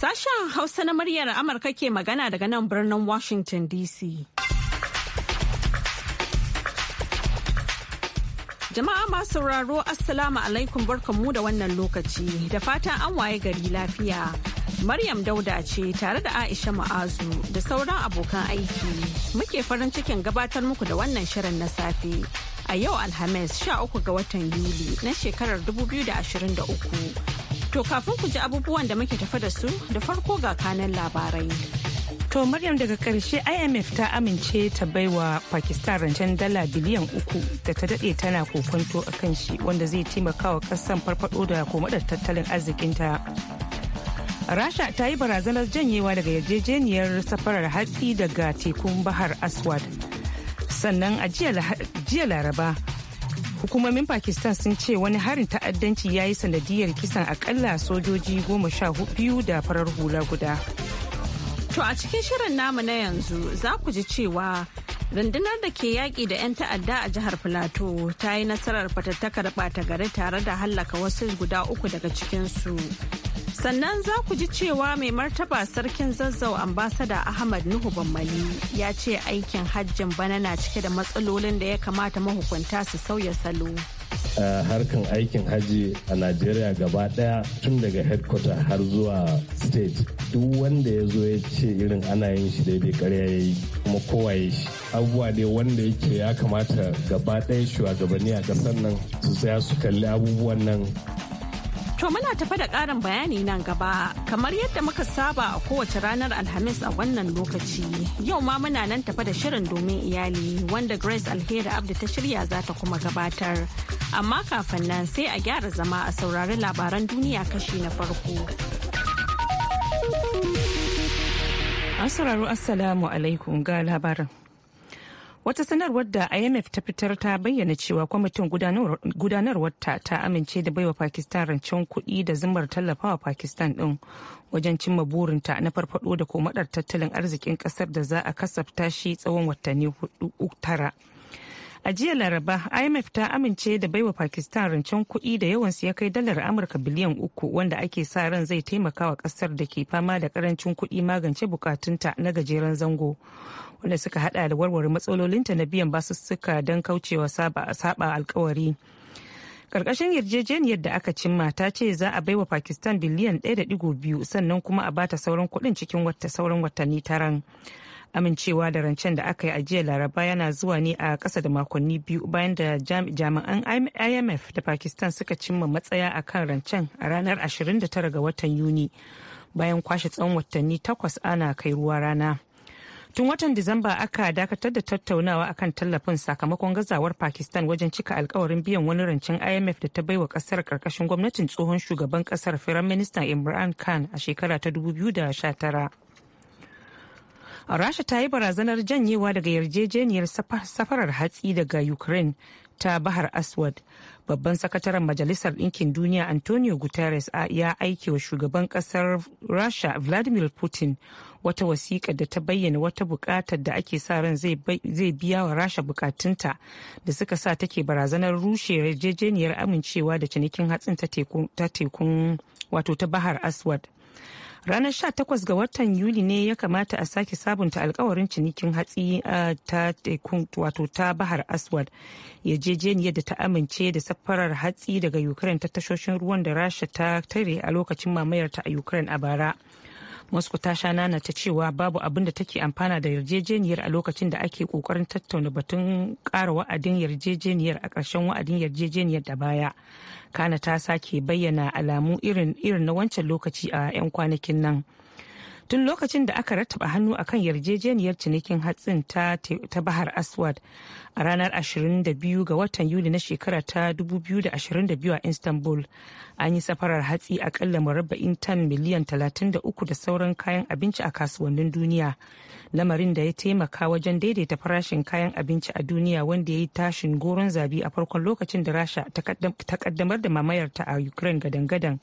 Sashen Hausa na muryar Amurka ke magana daga nan birnin Washington DC. Jama'a masu sauraro Assalamu alaikum barkanmu da wannan lokaci da fatan an waye gari lafiya. Maryam Dauda ce tare da Aisha Ma'azu da sauran abokan aiki muke farin cikin gabatar muku da wannan shirin na safe. A yau Alhamis 13 ga watan Yuli na shekarar 2023. To kafin ku ji abubuwan da muke tafa da su da farko ga kanan labarai. To Maryam daga karshe IMF ta amince ta baiwa Pakistan rancen dala biliyan uku da ta dade tana kokonto a kan shi wanda zai taimakawa kasan farfado da koma da tattalin arzikinta. Rasha ta yi barazanar janyewa daga yarjejeniyar safarar hatsi daga tekun Bahar Aswad. Sannan a jiya Laraba hukumomin pakistan sun ce wani harin ta'addanci ya yi sanadiyar kisan akalla sojoji goma sha biyu da farar hula guda to a cikin shirin namu na yanzu za ku ji cewa rundunar da ke yaƙi da 'yan ta'adda a jihar filato ta yi nasarar fatattakar ɓata gari tare da hallaka wasu guda uku daga cikinsu sannan za ku ji cewa mai martaba sarkin zazzau ambasada ahmad nuhu bammali ya ce aikin hajjin bana na cike da matsalolin da ya kamata mahukunta su sauya salo harkan aikin haji a najeriya gaba daya tun daga headquarter har zuwa state duk wanda ya zo ya ce irin ana yin shi daidai karya ya yi kuma kowa ya shi abubuwa ne wanda yake ya kamata gaba daya shugabanni a kasar nan su tsaya su kalli abubuwan nan To muna tafa da ƙarin bayani nan gaba kamar yadda muka saba a kowace ranar Alhamis a wannan lokaci. Yau ma muna nan tafa da shirin domin iyali wanda Grace Alheri Abdu ta shirya za ta kuma gabatar. Amma kafin nan sai a gyara zama a saurari labaran duniya kashi na farko. An Assalamu alaikum ga labarin. wata sanarwar da imf ta fitar ta bayyana cewa kwamitin gudanarwarta ta amince da baiwa pakistan rancen kuɗi da zimmar tallafawa pakistan din wajen cimma burinta na farfado da komadar tattalin arzikin kasar da za a kasafta shi tsawon watanni hudu tara. A jiya Laraba, IMF ta amince da baiwa Pakistan rancen kuɗi da yawansu ya kai dalar Amurka biliyan uku wanda ake sa ran zai taimaka wa ƙasar da ke fama da karancin kuɗi magance bukatunta na gajeren zango. Wanda suka hada da warware matsalolinta na biyan basussuka don kaucewa saba alkawari. karkashin yarjejeniyar da aka cimma ta ce za a baiwa pakistan biliyan 1.2 sannan kuma a bata sauran kuɗin cikin sauran watanni taran amincewa da rancen da aka yi a jiya laraba yana zuwa ne a ƙasa da makonni biyu bayan da jami'an imf da pakistan suka cimma matsaya a kan rancen a ranar 29 ga watan yuni bayan kwashe tsawon watanni takwas ana kai ruwa rana tun watan disamba aka dakatar da tattaunawa akan tallafin sakamakon gazawar pakistan wajen cika alkawarin biyan wani rancen imf da ta baiwa kasar karkashin gwamnatin tsohon shugaban kasar firaministan imran khan a shekara ta 2019 rasha ta yi barazanar janyewa daga yarjejeniyar safarar hatsi daga ukraine ta bahar aswad babban sakataren majalisar ɗinkin duniya antonio guterres ya aike wa shugaban ƙasar rasha vladimir putin wata wasiƙa da ta bayyana wata buƙatar da ake sa ran zai biya wa rasha buƙatunta da suka sa take barazanar rushe yarjejeniyar amincewa da cinikin hatsin ta tekun wato ta bahar aswad ranar 18 ga watan yuli ne ya kamata a sake sabunta alkawarin cinikin hatsi ta tekun wato ta bahar aswad yarjejeniyar da ta amince da safarar hatsi daga ukraine ta tashoshin ruwan da rasha ta tare a lokacin mamayar ta a ukraine a bara moscow ta sha nana ta cewa babu abin da take amfana da yarjejeniyar a lokacin da ake kokarin tattauna batun ƙara wa'adin yarjejeniyar a ƙarshen wa'adin yarjejeniyar da baya kana ta sake bayyana alamu irin na wancan lokaci a 'yan kwanakin nan. tun lokacin da aka rattaba hannu akan yarjejeniyar cinikin hatsin ta, ta bahar aswad a ranar 22 ga watan yuli na shekara ta 2022 a istanbul an yi safarar hatsi akalla murabba'in tan miliyan 33 da sauran kayan abinci a kasuwannin duniya lamarin da ya taimaka wajen daidaita farashin kayan abinci a duniya wanda ya yi tashin goron zabi a farkon lokacin da rasha ta kaddamar da mamayarta a ukraine gadan-gadan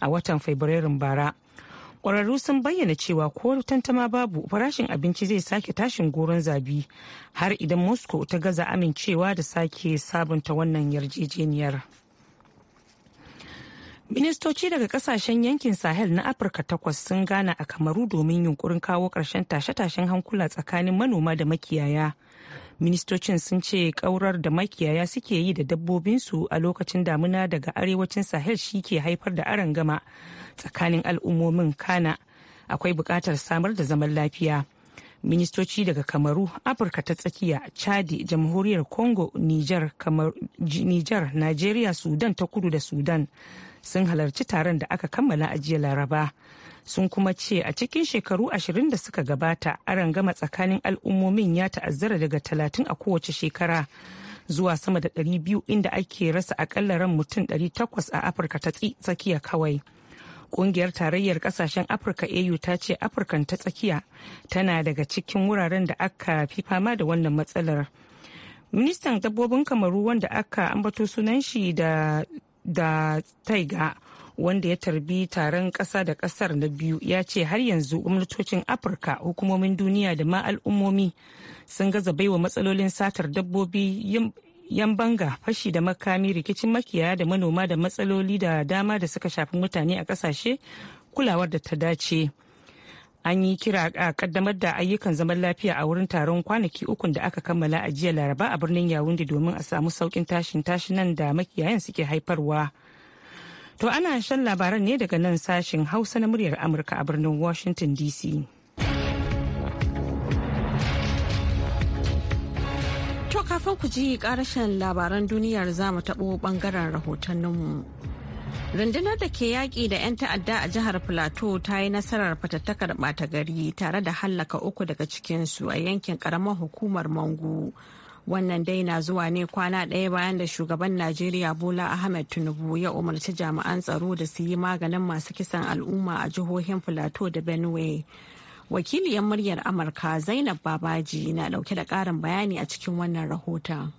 a watan fabrairun bara kwararru sun bayyana cewa ko tantama babu farashin abinci zai sake tashin goron zabi har idan moscow ta gaza amincewa da sake sabunta wannan yarjejeniyar ministoci daga kasashen yankin sahel na afirka takwas sun gana a kamaru domin yunkurin kawo karshen tashe-tashen hankula tsakanin manoma da makiyaya ministocin sun ce kaurar da makiyaya suke yi da dabbobinsu a lokacin damuna daga arewacin sahel shi ke haifar da gama. tsakanin al'ummomin kana akwai buƙatar samar da zaman lafiya ministoci daga kamaru afirka ta tsakiya chadi jamhuriyar congo niger nigeria sudan ta kudu da sudan sun halarci taron da aka kammala a jiya laraba sun kuma ce a cikin shekaru ashirin da suka gabata aron gama tsakanin al'ummomin ya ta'azzara daga talatin a kowace shekara zuwa sama da 200 inda ake rasa akalla ran mutum 800 a afirka ta tsakiya kawai. Kungiyar tarayyar kasashen Afirka AU ta ce Afirkan ta tsakiya tana daga cikin wuraren da aka fi fama da wannan matsalar. Ministan dabbobin kamaru wanda aka ambato sunan shi da da taiga wanda ya tarbi taron ƙasa da ƙasar na biyu ya ce har yanzu gwamnatocin afirka hukumomin duniya da ma al'ummomi sun gaza baiwa matsalolin satar dabbobi yan banga fashi da makami rikicin makiyaya da manoma da matsaloli da dama da suka shafi mutane a kasashe kulawar da ta dace an yi kira a kaddamar da ayyukan zaman lafiya a wurin taron kwanaki ukun da aka kammala a jiya laraba a birnin yawundi domin a samu saukin tashin nan da makiyayan suke haifarwa to ana shan labaran ne daga nan sashin hausa na muryar amurka a birnin washington dc kafin ku ji karashen labaran duniyar za mu taɓo ɓangaren rahotanninmu. Rundunar da ke yaƙi da 'yan ta'adda a jihar Plateau ta yi nasarar fatattakar ɓata gari tare da hallaka uku daga cikinsu a yankin ƙaramar hukumar Mangu. Wannan dai na zuwa ne kwana ɗaya bayan da shugaban Najeriya Bola Ahmed Tinubu ya umarci jami'an tsaro da su yi maganin masu kisan al'umma a jihohin Plateau da Benue. wakiliyar muryar amurka zainab babaji na dauke da karin bayani a cikin wannan rahota.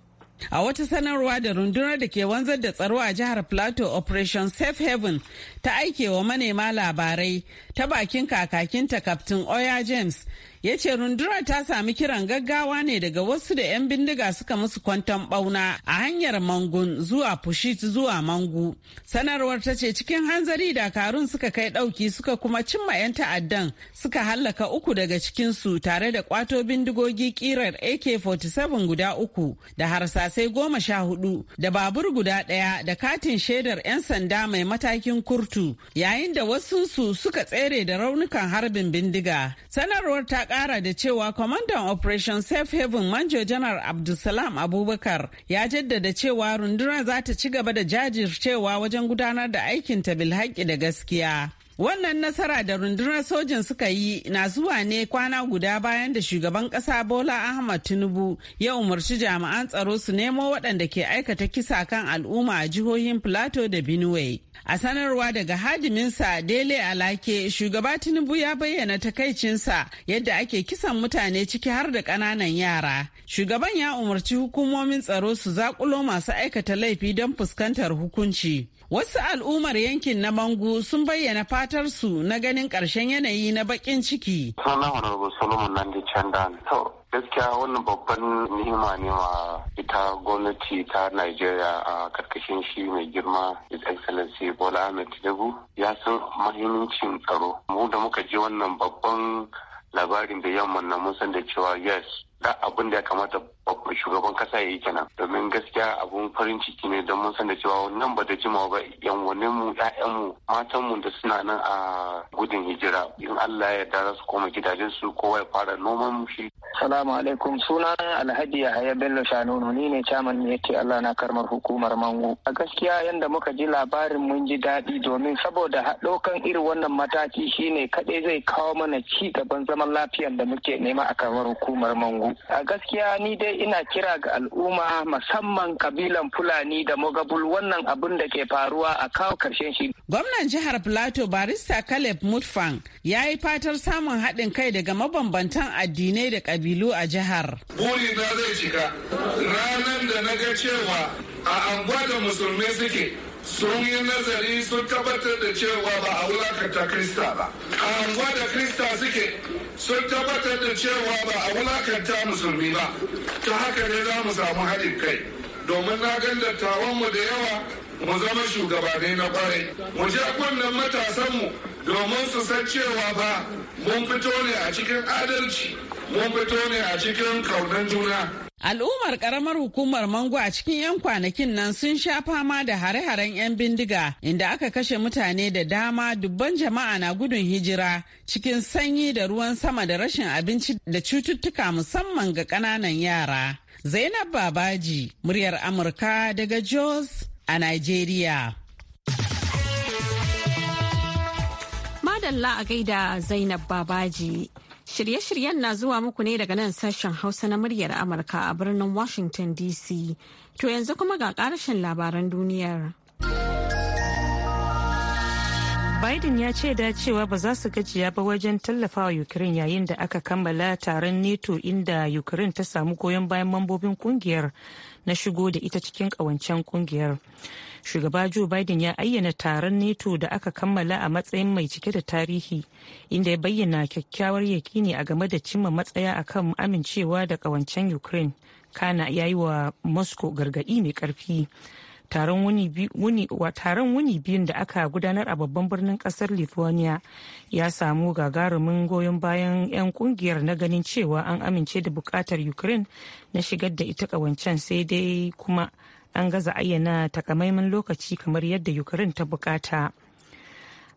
A wata sanarwa da rundunar da ke wanzar da tsaro a jihar Plateau Operation Safe Haven ta aike wa manema labarai ta bakin kakakinta Captain Oya James ya ce rundunar ta sami kiran gaggawa ne daga wasu da 'yan bindiga suka musu kwanton bauna a hanyar mangun zuwa pushit zuwa mangu sanarwar ta ce cikin hanzari dakarun suka kai dauki suka kuma cimma 'yan ta'addan suka hallaka uku daga cikinsu tare da kwato bindigogi kirar ak-47 guda uku da harsasai goma sha hudu da babur guda daya da katin shaidar 'yan sanda mai matakin kurtu yayin da wasunsu suka tsere da raunukan harbin bindiga sanarwar ta kara da cewa kwamandan Operation Safe Haven Manjo Janar Abdulsalam Abubakar ya jaddada cewa rundunar za ta ci gaba da jajircewa wajen gudanar da aikin ta bilhaƙi da gaskiya. Wannan nasara da rundunar sojin suka yi na zuwa ne kwana guda bayan da shugaban kasa Bola Ahmad Tinubu ya umarci jami'an tsaro su nemo waɗanda ke aikata kisa kan al'umma a jihohin Plateau da Benue. A sanarwa daga hadiminsa Dele Alake, shugaba Tinubu ya bayyana takaicinsa yadda ake kisan mutane ciki har da ƙananan yara. Shugaban ya umarci hukumomin tsaro su zaƙulo masu aikata laifi don fuskantar hukunci. Wasu al'ummar yankin na Mangu sun bayyana fatar su na ganin ƙarshen yanayi na baƙin ciki. Sunan gaskiya wannan babban nihima ne wa ita gwamnati ta Najeriya a karkashin shi mai girma His Excellency Bola Ahmed Tinubu ya san mahimmancin tsaro. Mu da muka ji wannan babban labarin da yamman na mun san da cewa yes da abin da ya kamata babban shugaban kasa ya yi kenan domin gaskiya abun farin ciki ne don mun san da cewa nan ba da jimawa ba yanwanin mu ƴaƴanmu matanmu da suna nan a gudun hijira in Allah ya yarda za su koma gidajen su kowa ya fara noman shi Salamu alaikum suna Alhaji Yahaya Bello Shanunu ni ne chairman ne yake Allah na karmar hukumar mangu. a gaskiya yanda muka ji labarin mun ji daɗi domin saboda haɗokan irin wannan mataki shine kaɗai zai kawo mana ci gaban zaman lafiyar da muke nema a karmar hukumar mangu. a gaskiya ni dai ina kira ga al'umma musamman kabilan Fulani da Mogabul wannan abin da ke faruwa a kawo karshen shi. Gwamnan jihar Plateau barista Caleb Mutfang ya yi fatar samun haɗin kai daga mabambantan addinai da kabilu a jihar. Buri na zai cika ranar da na ga cewa a angwa da musulmai suke sun yi nazari sun tabbatar da cewa ba a wulakanta krista ba a anguwa da krista suke sun tabbatar da cewa ba a wulakanta musulmi ba ta haka ne za mu samu haɗin kai domin na gan dattawanmu da yawa mu zama shugabanni na kwarai mu je kunnen matasanmu domin su san cewa ba mun fito ne a cikin adalci mun fito ne a cikin kaunar juna Al'ummar ƙaramar hukumar Mango a cikin 'yan kwanakin nan sun sha fama da hare-haren 'yan bindiga inda aka kashe mutane da dama dubban jama'a na gudun hijira cikin sanyi da ruwan sama da rashin abinci da cututtuka musamman ga ƙananan yara. Zainab Babaji, muryar Amurka daga Jos a Nigeria. Madalla a gaida Zainab Babaji. Shirye-shiryen na zuwa muku ne daga nan sashen Hausa na muryar Amurka a birnin Washington DC. To yanzu kuma ga ƙarashin labaran duniyar. Biden ya ce da cewa ba za su gajiya ba wajen tallafawa Ukraine yayin da aka kammala taron NATO inda Ukraine ta samu goyon bayan mambobin kungiyar na shigo da ita cikin ƙawancen kungiyar. shugaba joe biden ya ayyana taron neto da aka kammala a matsayin mai cike da tarihi inda ya bayyana kyakkyawar yakini a game da cimma matsaya akan amincewa da kawancen ukraine kana ya yi wa moscow gargaɗi mai karfi taron wuni biyun da aka gudanar a babban birnin kasar lithuania ya samu gagarumin goyon bayan 'yan kungiyar na ganin cewa an amince da bukatar ukraine na shigar da ita kawancen sai dai kuma an gaza ayyana takamaiman lokaci kamar yadda ukraine ta bukata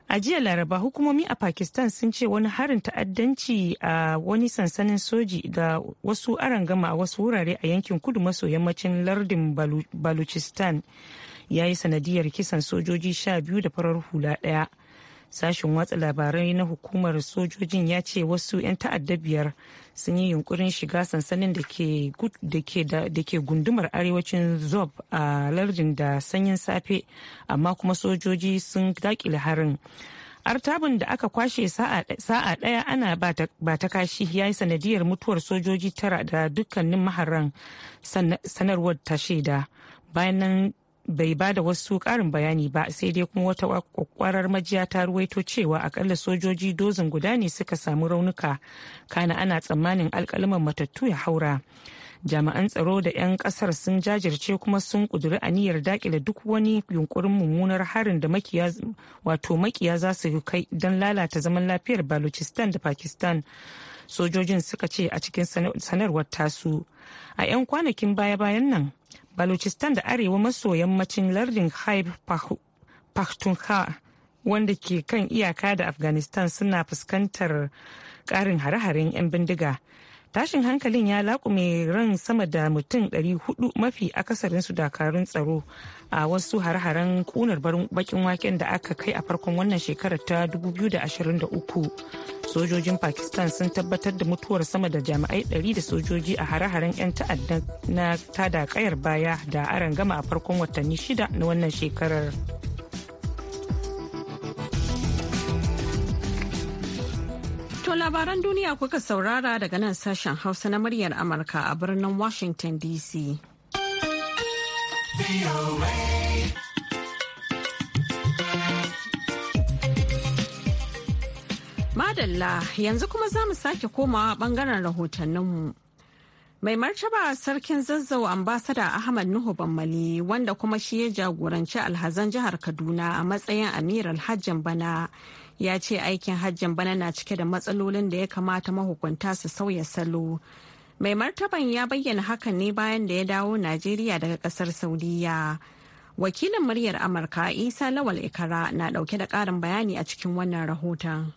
a jiya laraba hukumomi a pakistan sun ce wani harin ta'addanci a wani sansanin soji da wasu gama a wasu wurare a yankin kudu maso yammacin lardin baluchistan ya yi sanadiyar kisan sojoji sha biyu da farar hula daya sashen watsa labarai na hukumar sojojin ya ce wasu 'yan ta'adda biyar sun yi yunkurin shiga sansanin da ke gundumar arewacin zob a lardin da sanyin safe amma kuma sojoji sun dakile harin artabin da aka kwashe sa'a daya ana ba ta kashi ya yi sanadiyar mutuwar sojoji tara da dukkanin maharan sanarwar ta shaida bayan nan bai ba da wasu karin bayani ba sai dai kuma wata kwakwarar majiya ta ruwaito cewa akalla sojoji dozin guda ne suka samu raunuka kana ana tsammanin alkalaman matattu ya haura jami'an tsaro da 'yan kasar sun jajirce kuma sun kuduri aniyar dakile duk wani yunkurin mummunar harin da makiya wato makiya za su kai don lalata zaman lafiyar balochistan da pakistan sojojin suka ce a cikin sanarwar tasu a 'yan kwanakin baya-bayan nan Balochistan da arewa maso yammacin lardin Haib Pakhtunkhwa wanda ke kan iyaka da Afghanistan suna fuskantar karin hare-haren 'yan bindiga. Tashin hankalin ya laƙume ran sama da mutum 400 mafi akasarinsu dakarun tsaro a wasu hare-haren ƙunar bakin waken da aka kai a farkon wannan shekarar ta 2023. sojojin pakistan sun tabbatar da mutuwar sama da jami'ai 100 da sojoji a hare-haren 'yan ta'adda na tada kayar baya da aron gama a farkon watanni shida na wannan shekarar to labaran duniya kuka saurara daga nan sashen hausa na muryar amurka a birnin washington dc Madalla yanzu kuma za mu sake komawa bangaren rahotanninmu. Mai martaba sarkin zazzau ambasada Ahmad Nuhu Bammali wanda kuma shi ya jagoranci alhazan jihar Kaduna a matsayin amir alhajjan bana ya ce aikin hajjan bana na cike da matsalolin da ya kamata mahukunta su sauya salo. Mai martaban ya bayyana hakan ne bayan da ya dawo Najeriya daga kasar Saudiya. Wakilin muryar Amurka Isa Lawal Ikara na dauke da karin bayani a cikin wannan rahoton.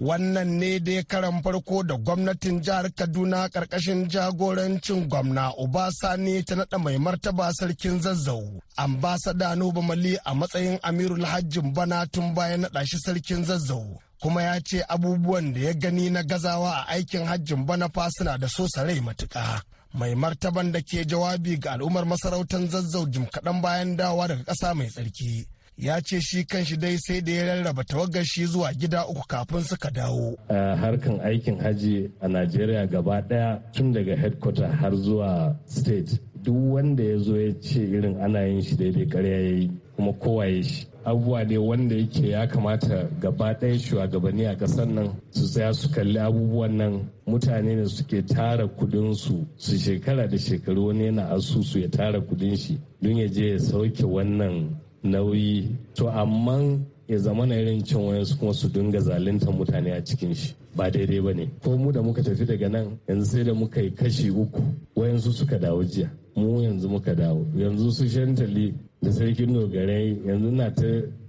wannan ne dai karan farko da gwamnatin jihar kaduna karkashin jagorancin gwamna obasani ta nada mai martaba sarkin zazzau ambasada nuba mali a matsayin amirul hajjin bana tun bayan nada shi sarkin zazzau kuma ya ce abubuwan da ya gani na gazawa a aikin hajjin bana fa suna da so rai matuka... mai martaban da ke jawabi ga al'ummar masarautar zazzau jim kaɗan bayan dawa daga ƙasa mai tsarki ya ce shi kan shi dai sai da ya rarraba tawagar shi zuwa gida uku kafin suka dawo. harkan aikin haji a Najeriya gaba daya tun daga headquarter har zuwa state duk wanda ya zo ya ce irin ana yin shi daidai karya ya yi kuma kowaye shi abubuwa ne wanda yake ya kamata gaba ɗaya shugabanni a ƙasar nan su tsaya su kalli abubuwan nan mutane ne suke tara kudinsu su shekara da shekaru wani yana asusu ya tara kudin shi don ya je ya sauke wannan nauyi to amma ya zama na irin cin wayansu kuma su dinga zaluntar mutane a cikin shi ba daidai ba ne ko mu da muka tafi daga nan yanzu sai da muka yi kashi uku wayansu suka dawo jiya mu yanzu muka dawo yanzu su shantali da sarkin dogarai yanzu na ta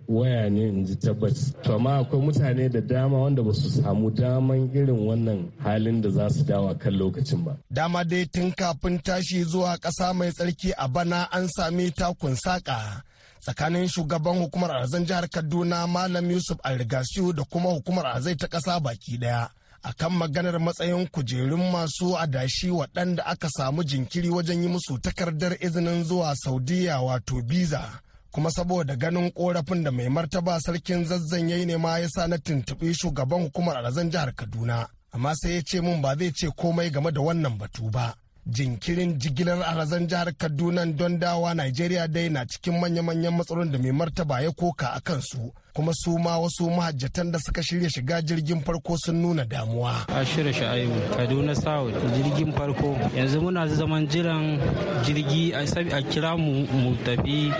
waya ne in ji tabbas to amma akwai mutane da dama wanda ba su samu daman irin wannan halin da za su dawo kan lokacin ba dama dai tun kafin tashi zuwa ƙasa mai tsarki a bana an sami takun saƙa tsakanin shugaban hukumar arzan jihar kaduna malam yusuf alrigasiyu da kuma hukumar azai ta kasa baki ɗaya kan maganar matsayin kujerun masu adashi waɗanda aka samu jinkiri wajen yi musu takardar izinin zuwa saudiya wato biza kuma saboda ganin korafin da mai martaba sarkin zazzan yayi ne ma ya sa na tuntuɓi shugaban hukumar arzan jihar kaduna amma sai ya ce mun ba zai ce komai game da wannan batu ba jinkirin jigilar arazan jihar kaduna don dawa najeriya dai na cikin manya-manyan matsalolin da mai martaba ya koka a kansu kuma su ma wasu mahajjatan da suka shirya shiga jirgin farko sun nuna damuwa. A shirya sha'ayu Kaduna South jirgin farko yanzu muna zaman jiran jirgi a kira mu mu tafi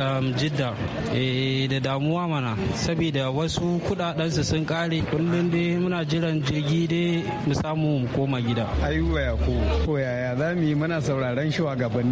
um, Jidda eh, da damuwa mana saboda wasu kudadensu sun kare kullum dai muna jiran jirgi dai mu samu mu koma gida. Ayuwa ya ko yaya za mu yi muna sauraron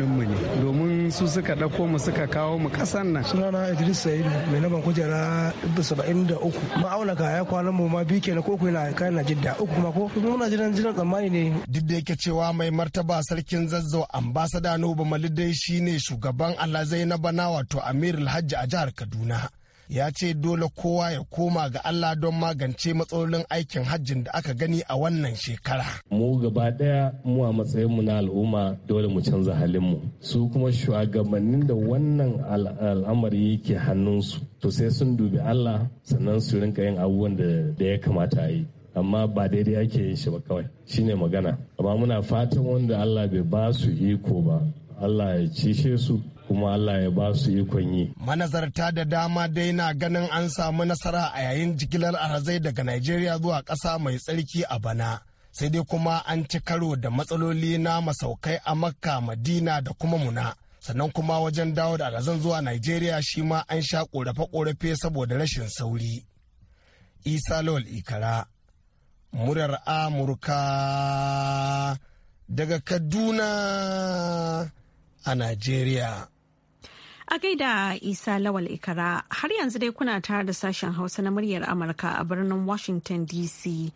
mu ne domin su suka dauko mu suka kawo mu kasan nan. Sunana Idris Sa'idu mai naban kujera 73 ma'auna ka ya kwanan mu ma biyu kenan ko kuna kai na jidda uku kuma ko muna jiran jiran tsammani ne duk da yake cewa mai martaba sarkin zazzau ambasada Nuba Malidai shine shugaban Allah zai na wato Amir Alhaji a jihar Kaduna ya ce dole kowa ya koma ga Allah don magance matsalolin aikin hajjin da aka gani a wannan shekara. Mu gaba ɗaya mu a matsayinmu na al'umma dole mu canza halinmu. Su kuma shugabannin da wannan al'amari yake hannunsu to sai sun dubi Allah sannan su rinka yin abubuwan da ya kamata a yi. amma ba daidai ake yin shi ba kawai shine magana amma muna fatan wanda Allah bai ba su iko ba Allah ya cishe su kuma Allah ya ba su ikon yi. Manazarta da dama dai na ganin an samu nasara a yayin jigilar arazai daga Najeriya zuwa ƙasa mai tsarki a bana. Sai dai kuma an ci karo da matsaloli na masaukai a Makka, Madina da kuma Muna. Sannan kuma wajen dawo da arazan zuwa Najeriya shi ma an sha ƙorafe-ƙorafe saboda rashin sauri. Isa Lol Ikara, murar Amurka daga Kaduna a Najeriya. A gaida Isa Lawal Ikara har yanzu dai kuna tare da sashen Hausa na muryar Amurka a birnin Washington DC.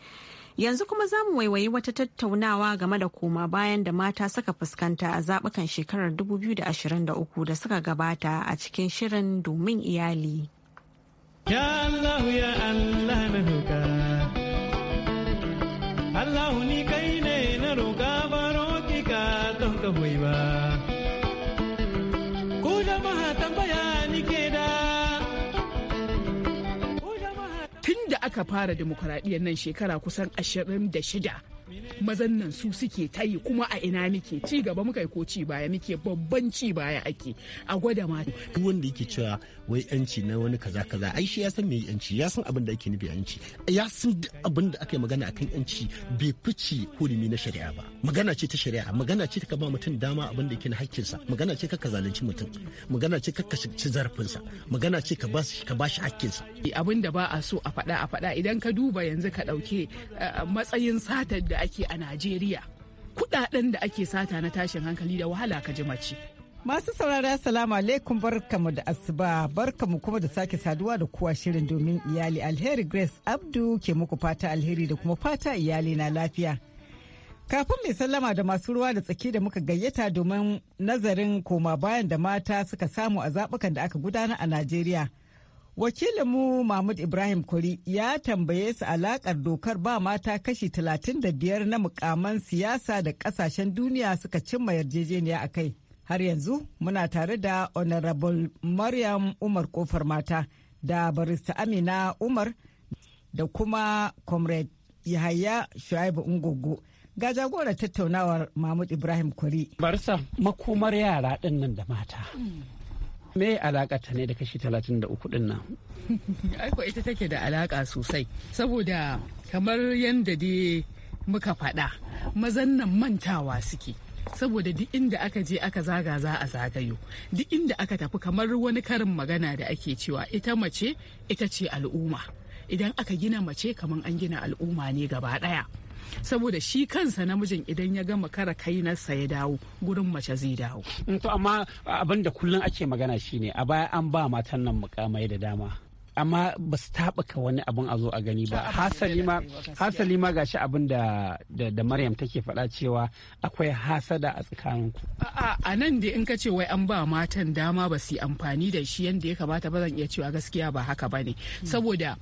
Yanzu kuma za mu waiwayi wata tattaunawa game da koma bayan da mata suka fuskanta a zabukan shekarar 2023 da suka gabata a cikin shirin domin iyali. Allah ya Allah na Allah ni ka aka fara demokuraɗiyyar nan shekara kusan 26 mazan nan su suke tayi kuma a ina muke ci gaba muka yi ko ci baya muke babban ci baya ake a gwada ma duk wanda yake cewa wai yanci na wani kaza kaza ai shi ya san me yanci ya san abin da ake nufi yanci ya san duk abin da aka magana akan yanci bai fice hurumi na shari'a ba magana ce ta shari'a magana ce ta ba mutum dama abin da yake na sa magana ce ka zalunci mutum magana ce ka ci zarafinsa magana ce ka ba shi hakkinsa abin da ba a so a faɗa a faɗa idan ka duba yanzu ka ɗauke eh, matsayin satar da ake ake a Najeriya kudaden da ake sata na tashin hankali da wahala ka ji mace. Masu saurara salamu alaikum barkamu da asuba barkamu kuma da sake saduwa da kuwa shirin domin iyali alheri Grace Abdu ke muku fata alheri da kuma fata iyali na lafiya. Kafin mai sallama da masu ruwa da tsaki da muka gayyata domin nazarin koma bayan da mata suka samu a zabukan da aka gudana a Najeriya. wakilinmu mahmud ibrahim kuri ya tambaye su alakar dokar ba mata kashi 35 na mukaman siyasa da kasashen duniya suka cimma yarjejeniya a kai har yanzu muna tare da honorable maryam umar kofar mata da barista amina umar da kuma comrade yahaya shu'aibu ungogo ga jagorar tattaunawar mahmud ibrahim kuri barista makomar yara ɗin nan da mata mm. me alaka ta ne da kashi 33 din nan aiko ita take da alaƙa sosai saboda kamar yadda dai muka faɗa mazan nan mantawa suke saboda duk inda aka je aka zaga za a zagayo duk inda aka tafi kamar wani karin magana da ake cewa ita mace ita ce al'umma idan aka gina mace kamar an gina al'umma ne gaba ɗaya saboda shi kansa namijin idan ya gama kara kai nasa ya dawo gurin mace zai dawo mm, to amma abin da kullum ake magana shine a baya an ba matan nan mukamai da dama amma ba su taɓaka wani abin a zo a gani ba hasali ma gashi abin da da maryam take faɗa cewa akwai hasada a tsakaninku a nan da in ka ce wai an ba matan dama ba su yi amfani da shi yadda ya kamata ba zan iya cewa gaskiya ba haka ba ne hmm. saboda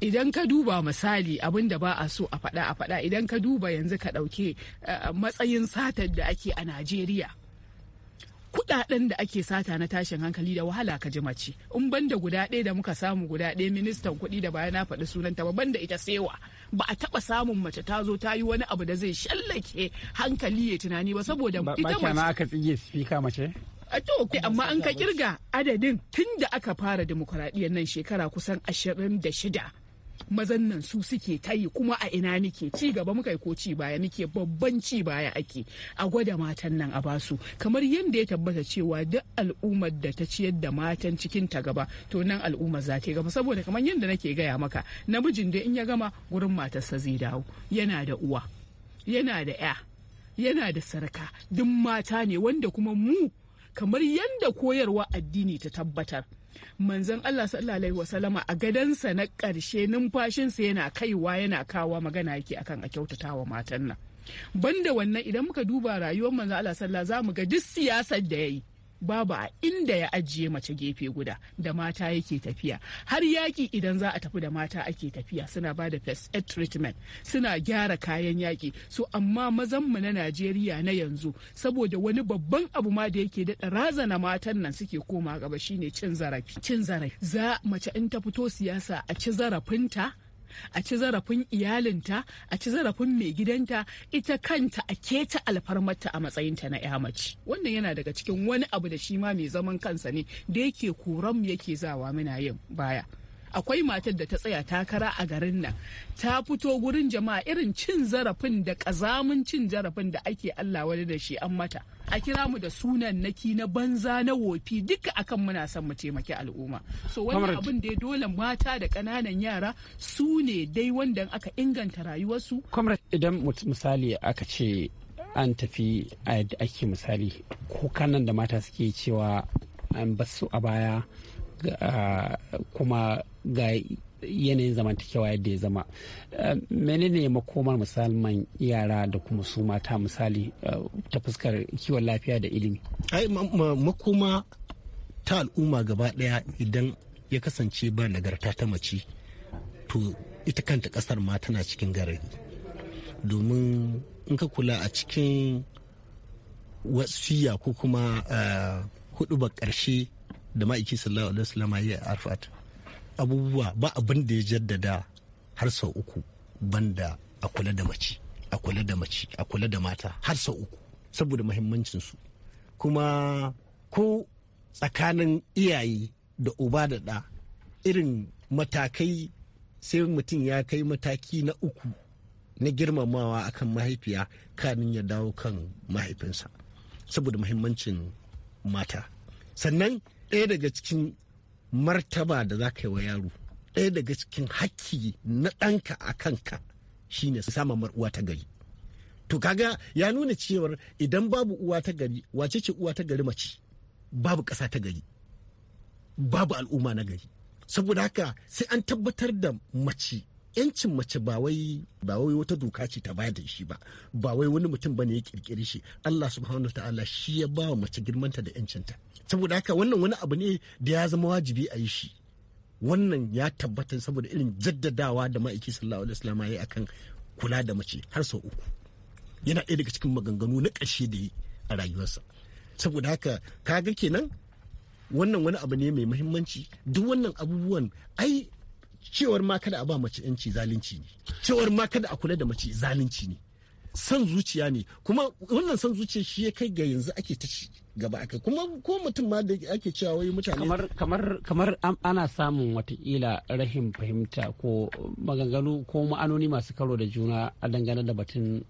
idan ka duba misali abin da ba a so a faɗa a faɗa idan ka duba yanzu ka ɗauke eh, matsayin satar da ake a najeriya kudaden da ake sata na tashin hankali da wahala ka ji mace in banda guda ɗaya da muka samu guda ɗaya ministan kuɗi da bayan na faɗi sunanta ba banda ita sewa ba a taɓa samun mace ta zo ta yi wani abu da zai shallake hankali ya tunani ba saboda ita mace ba aka tsige spika mace A to amma an ka kirga adadin tun da aka fara demokuraɗiyyar nan shekara kusan ashirin da shida mazan nan su suke ta yi kuma a ina nike ci gaba muka yi ko ci baya nike babban ci baya ake a gwada matan nan a basu kamar yadda ya tabbata cewa duk al'ummar da ta ciyar da matan cikin ta gaba to nan al'ummar za ta gaba saboda kamar yadda nake gaya maka namijin da in ya gama gurin matarsa zai dawo yana da uwa yana da ya yana da sarka duk mata ne wanda kuma mu kamar yadda koyarwa addini ta tabbatar manzon Allah sallallahu wa sallama a gadansa na ƙarshe numfashinsa yana kaiwa yana kawa magana yake akan a kyautatawa matan nan banda wannan idan muka duba rayuwar manzon Allah sallallahu za mu ga duk siyasar da ya yi. babu a inda ya ajiye mace gefe guda da mata yake tafiya har yaki idan za a tafi da mata ake tafiya suna ba da first aid treatment suna gyara kayan yaki so amma mazan mu na Najeriya na yanzu saboda wani babban abu ma da yake raza razana matan nan suke koma gaba shine cin zarafi cin zarafi za mace in ta fito siyasa a ci zarafinta a ci zarafin iyalinta a ci zarafin mai gidanta ita kanta a keta alfarmarta a matsayinta na ya mace wannan yana daga cikin wani abu da shi ma mai zaman kansa ne da yake koran yake zawa muna yin baya akwai matar da ta tsaya takara a garin nan ta fito gurin jama'a irin cin zarafin da kazamin cin zarafin da ake Allah wani da shi an mata a kira mu da sunan naki na banza na wofi duka akan muna son mu taimaki al'umma so wani abin da dole mata da ƙananan yara su ne dai wanda aka inganta rayuwarsu comrade idan misali aka ce an tafi a ake misali ko kanan da mata suke cewa an basu a baya kuma ga yanayin zamantakewa yadda ya zama eh, menene makomar musamman yara da kuma su mata misali eh, ta fuskar kiwon lafiya da ilimi ai makoma ta al'umma gaba daya idan ya kasance ba nagarta ta mace to ita kanta kasar ma tana cikin garari domin in ka kula a cikin wasiya ko kuma eh, hudu ba karshe da ma'aiki sallallahu alaihi wasallam ya arfat abubuwa ba abin da ya jaddada har sau uku banda a kula da mace a kula da mace a kula da mata har sau uku saboda mahimmancinsu kuma ko tsakanin iyaye da uba da ɗa irin matakai sai mutum ya kai mataki na uku na girmamawa akan mahaifiya kanin ya dawo kan mahaifinsa saboda mahimmancin mata sannan ɗaya daga cikin martaba da za ka yi wa yaro ɗaya daga cikin hakki na ɗanka a kanka shine sama mar uwa ta gari to kaga ya nuna cewar idan babu uwa ta gari wace ce uwa ta gari mace babu ƙasa ta gari babu al'umma na gari saboda haka sai an tabbatar da mace yancin mace ba wai ba wai wata doka ce ta bada shi ba ba wai wani mutum ne ya kirkiri shi Allah subhanahu ta'ala shi ya ba mace girmanta da yancin ta. saboda haka wannan wani abu ne da ya zama wajibi a yi shi wannan ya tabbatar saboda irin jaddadawa da ma'aiki sallallahu alaihi wasallam ya akan kula da mace har sau uku yana ɗaya daga cikin maganganu na ƙarshe da yi a rayuwarsa saboda haka kaga kenan wannan wani abu ne mai muhimmanci duk wannan abubuwan ai cewar ma kada a ba mace yanci zalunci ne cewar ma kada a kula da mace zalunci ne san zuciya ne kuma wannan san zuciya shi ya kai ga yanzu ake ta gaba aka kuma ko mutum ma da ake cewa wai mutane kamar kamar kamar ana samun watakila rahim fahimta ko maganganu ko ma'anoni masu karo da juna a dangane da batun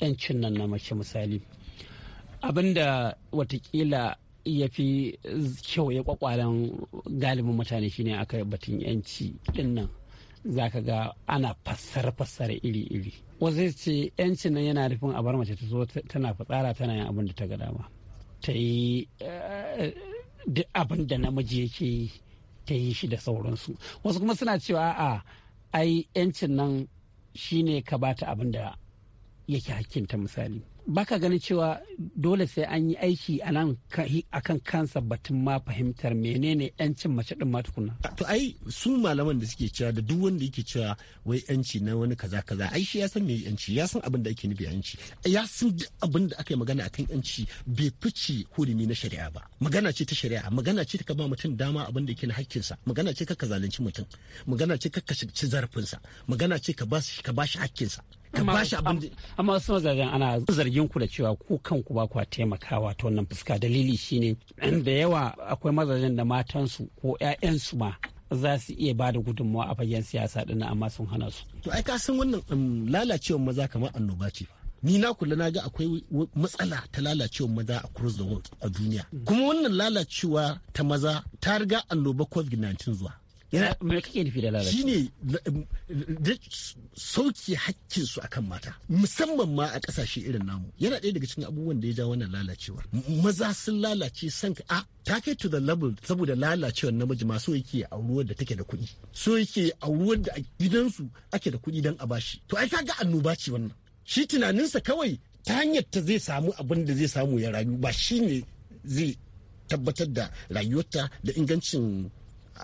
yancin nan na mace misali abinda watakila ya fi kyau ya kwakwaran galibin mutane shine aka batun yanci dinnan za ka ga ana fassara fassara iri-iri wasu ce yanci nan yana nufin a bar mace ta zo tana fitsara tana yin abin da ta gada dama ta yi eh, duk abin da namiji yake yi ta yi shi da sauransu wasu kuma suna cewa a ai yancin nan shine ka bata abin da yake hakkin ta misali baka ganin cewa dole sai an yi aiki a nan akan kansa batun ma fahimtar menene yancin mace din matukuna. tukuna to ai su malaman da suke cewa da duk wanda yake cewa wai yanci na wani kaza kaza ai shi ya san me yanci ya san abin da ake nufi yanci ya san abin da aka yi magana akan yanci bai fice hurumi na shari'a ba magana ce ta shari'a magana ce ta ba mutum dama abin da yake na sa magana ce ka zalunci mutum magana ce ka ci sa magana ce ka ba shi sa. ka ba shi abin amma wasu mazajen ana zargin ku da cewa ku kanku ba kwa taimakawa ta wannan fuska dalili shine da yawa akwai mazajen da matansu ko 'ya'yansu ma za su iya ba da gudunmawa a fagen siyasa dinnan amma sun hana su. To ai ka san wannan um, lalacewar maza kamar annoba ce. Ni na kula na ga akwai matsala ta lalacewar maza a cross the world a duniya. Kuma wannan lalacewa ta maza ta riga annoba COVID-19 zuwa. yana me kake nufi da lalacewa shine sauki hakkin su akan mata musamman ma a kasashe irin namu yana ɗaya daga cikin abubuwan da ya ja wannan lalacewar maza sun lalace san a ta kai to the level saboda lalacewar namiji ma so yake auruwar da take da kuɗi so yake auruwar da a gidansu ake da kuɗi dan a bashi to ai kaga annoba ce wannan shi tunaninsa kawai ta hanyar ta zai samu abin da zai samu ya rayu ba shi ne zai tabbatar da rayuwarta da ingancin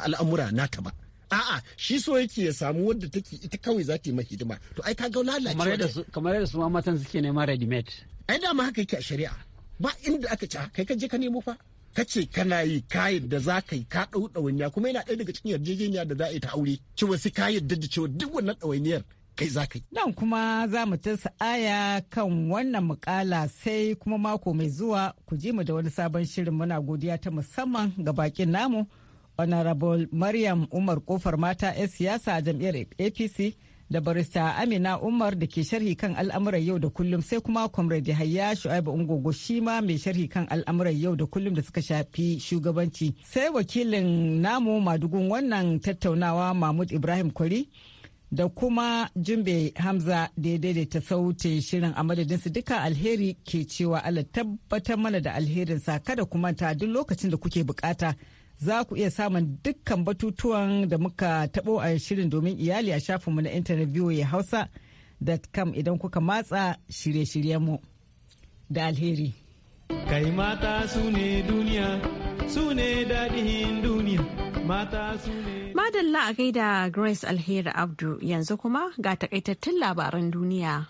al'amura nata ba a'a shi so yake ya samu wadda take ita kawai za ta yi hidima to ai kaga lalacewa kamar yadda su matan suke neman ready made ai dama haka yake a shari'a ba inda aka ci ah, kai ka je ka nemo fa ka ce kana yi kayan da za ka yi ka ɗau ɗawainiya kuma yana ɗaya daga cikin yarjejeniya da za a yi ta aure cewa sai ka yarda da cewa duk wannan ɗawainiyar kai za ka yi. Nan kuma za mu ta aya kan wannan mukala sai kuma mako mai zuwa ku ji mu da wani sabon shirin muna godiya ta musamman ga bakin namu. honorable maryam umar kofar mata 'yan siyasa a jam'iyyar apc da barista amina umar da ke sharhi kan al'amuran yau da kullum sai kuma comrade hayya shu'aibu ungogo shi ma mai sharhi kan al'amuran yau da kullum da suka shafi shugabanci sai wakilin namu madugun wannan tattaunawa mahmud ibrahim kwari da kuma jumbe hamza da ya daidaita sautin shirin a madadinsu duka alheri ke cewa allah tabbatar mana da alherinsa kada kuma ta duk lokacin da kuke bukata za ku iya samun dukkan batutuwan da muka tabo a shirin domin iyali a shafinmu na intanet ya hausa.com idan kuka matsa shirye-shiryenmu da alheri. Kai mata su ne duniya, su ne daɗin duniya, mata su ne... Madalla a gaida Grace Alheri Abdu yanzu kuma ga takaitattun labaran duniya.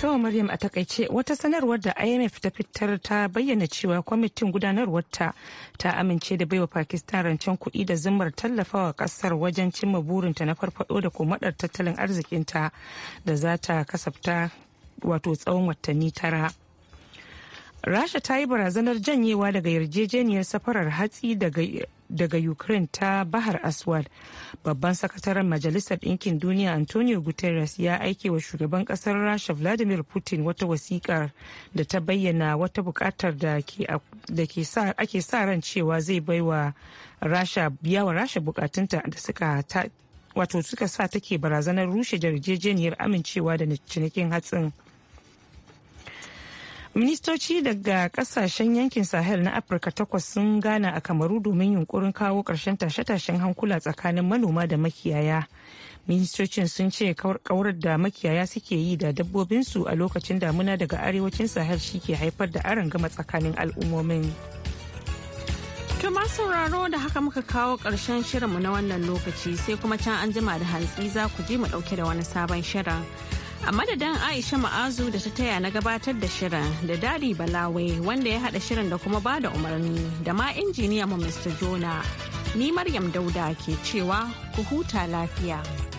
To Maryam a takaice wata sanarwar da IMF ta fitar ta bayyana cewa kwamitin gudanarwar ta ta amince da baiwa Pakistan rancen kuɗi da zimmar tallafawa kasar wajen cimma burinta na farfado da komadar tattalin arzikinta da za ta kasafta wato tsawon watanni tara. rasha ta yi barazanar janyewa daga yarjejeniyar safarar hatsi daga ukraine ta bahar aswad babban sakataren majalisar ɗinkin duniya antonio guterres ya aike wa shugaban ƙasar rasha vladimir putin wata wasiƙar da ta bayyana wata buƙatar da ake sa ran cewa zai baiwa rasha wa rasha bukatunta da suka wato suka sa take barazanar rushe da yarjejeniyar amincewa da cinikin hatsin ministoci daga kasashen yankin sahel na afirka takwas sun gana a kamaru domin yunkurin kawo karshen tashe-tashen hankula tsakanin manoma da makiyaya ministocin sun ce kaurar da makiyaya suke yi da dabbobinsu a lokacin damuna daga arewacin sahel shi ke haifar da aron gama tsakanin al'ummomin masu sauraro da haka muka kawo ƙarshen shirinmu na wannan lokaci sai kuma can an jima da hantsi za ku ji mu ɗauke da wani sabon shirin. A madadin Aisha Ma'azu da ta taya na gabatar da shirin da Dadi Balawe wanda ya haɗa shirin da kuma ba da umarni da ma injiniya mu Mr. Jona. Ni Maryam Dauda ke cewa ku huta lafiya.